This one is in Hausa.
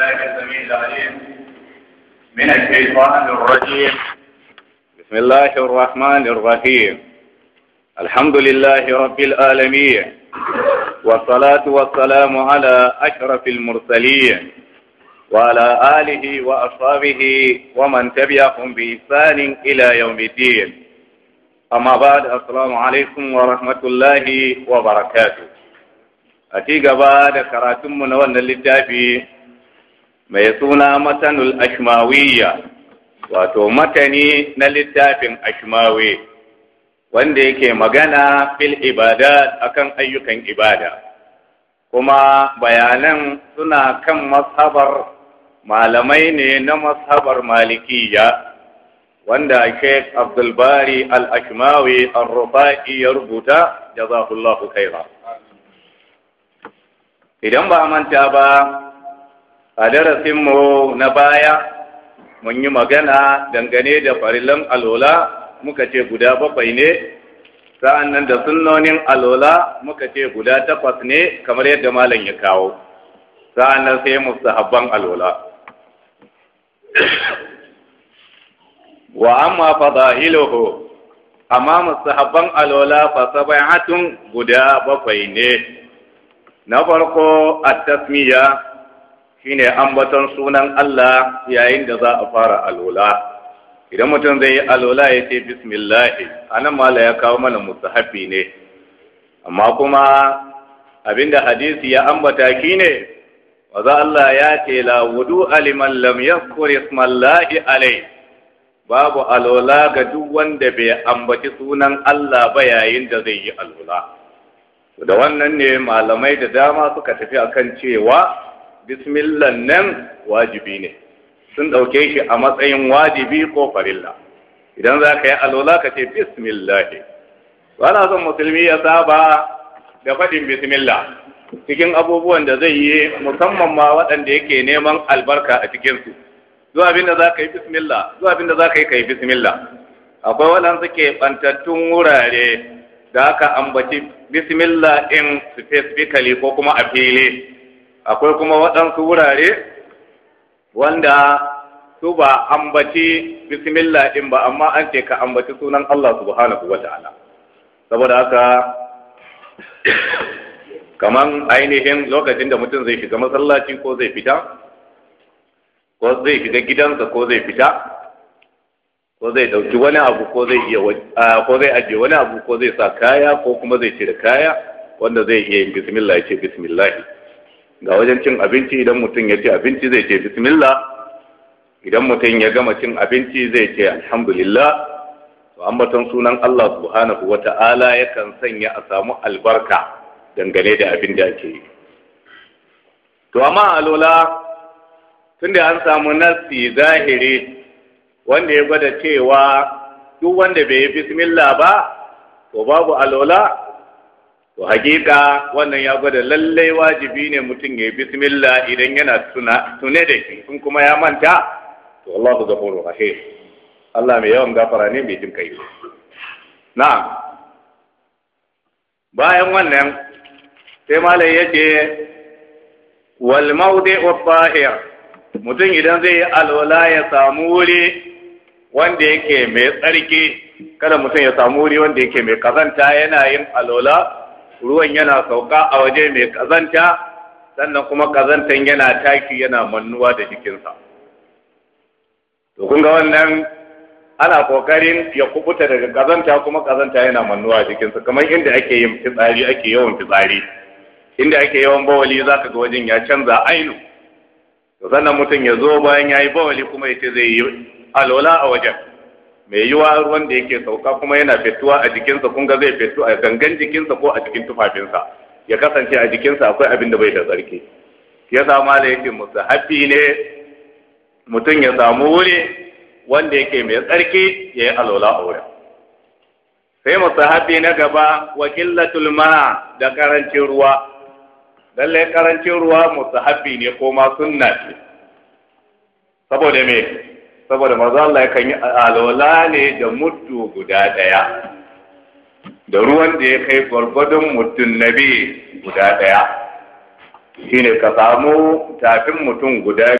السميع العليم من الشيطان الرجيم بسم الله الرحمن الرحيم الحمد لله رب العالمين والصلاة والسلام على أشرف المرسلين وعلى آله وأصحابه ومن تبعهم بإحسان إلى يوم الدين أما بعد السلام عليكم ورحمة الله وبركاته أتي ci كراتم من karatunmu na mai suna matanul ashmawiyya wato matani na littafin ashmawi wanda yake magana fil ibada akan ayyukan ibada kuma bayanan suna kan mashabar malamai ne na mashabar malikiya wanda Sheikh Abdulbari Al-Ashmawi al rufai ya rubuta jazakallahu khaira idan ba manta ba a darasinmu na baya mun yi magana dangane da farilan alola muka ce guda bakwai ne sa'an nan da sunonin alola muka ce guda takwas ne kamar yadda malam ya kawo sa'an nan sai mustahabban alola wa amma fada'iluhu amma mustahabban alola fa sab'atun guda bakwai ne na farko a tasmiya shine ambaton sunan Allah yayin da za a fara alwala idan mutum zai yi alwala ya ce bismillahi anan mala ya kawo mana musahabi ne amma kuma abinda hadisi ya ambata shine waza Allah ya ce la wudu aliman lam yazkur ismallahi alai babu alwala ga duk wanda bai ambaci sunan Allah ba yayin da zai yi alwala da wannan ne malamai da dama suka tafi akan cewa bismillah nan wajibi ne sun ɗauke shi a matsayin wajibi ko farilla idan za ka yi alola ka ce bismillahi ana son musulmi ya saba da faɗin bismillah cikin abubuwan da zai yi musamman ma waɗanda yake neman albarka a cikinsu zuwa abin da za ka yi bismillah zuwa abin da za ka yi ka bismillah akwai waɗansu ke ɓantattun wurare da aka ambaci bismillah in specifically ko kuma a fili akwai kuma waɗansu wurare wanda su ba ambaci bismillah ɗin ba amma an ce ka ambaci sunan Allah subhanahu wa ta'ala saboda haka kamar ainihin lokacin da mutum zai shiga masallaci ko zai fita ko zai shiga gidansa ko zai fita ko zai ɗauki wani abu ko zai iya ko zai ajiye wani abu ko zai sa kaya ko kuma zai cire kaya wanda zai iya yin bismillah ya ce bismillah ga wajen cin abinci idan mutum ya ci abinci zai ce bismillah idan mutum ya gama cin abinci zai ce alhamdulillah to ambaton sunan Allah subhanahu wata'ala yakan sanya a samu albarka dangane da abin da ake yi to amma alola tunda an samu nasi zahiri wanda ya gwada cewa duk wanda bai yi bismillah ba to babu alola to hakika wannan ya gwada lallai wajibi ne mutum ya yi bismillah idan yana tuna tune da shi in kuma ya manta to ku gafuru rahim Allah mai yawan gafara ne mai jin kai na bayan wannan sai malai yake wal wa tahir mutum idan zai yi alwala ya samu wuri wanda yake mai tsarki kada mutum ya samu wuri wanda yake mai kazanta yana yin alwala ruwan yana sauka a waje mai kazanta sannan kuma kazantan yana taki yana mannuwa da jikinsa to kun ga wannan ana kokarin ya kubuta daga kazanta kuma kazanta yana mannuwa a jikinsa kamar inda ake yin fitsari ake yawan fitsari inda ake yawan bawali za ka ga wajen ya canza ainu sannan mutum ya zo bayan ya yi bawali kuma ya ce zai yi alwala a wajen mai yiwa ruwan da yake sauka kuma yana fetuwa a jikinsa kun ga zai fetu a gangan jikinsa ko a cikin tufafinsa ya kasance a jikinsa akwai abin da bai da tsarki ya sama da yake musu ne mutum ya samu wuri wanda yake mai tsarki ya yi alola a wurin sai musu na gaba wa killatul da karancin ruwa lallai karancin ruwa musu ne ko ma sunna ce saboda me saboda maza Allah yakan yi alwala ne da muddu guda ɗaya da ruwan da ya kai gwargwadon mutum nabi guda ɗaya shine ka samu tafin mutum guda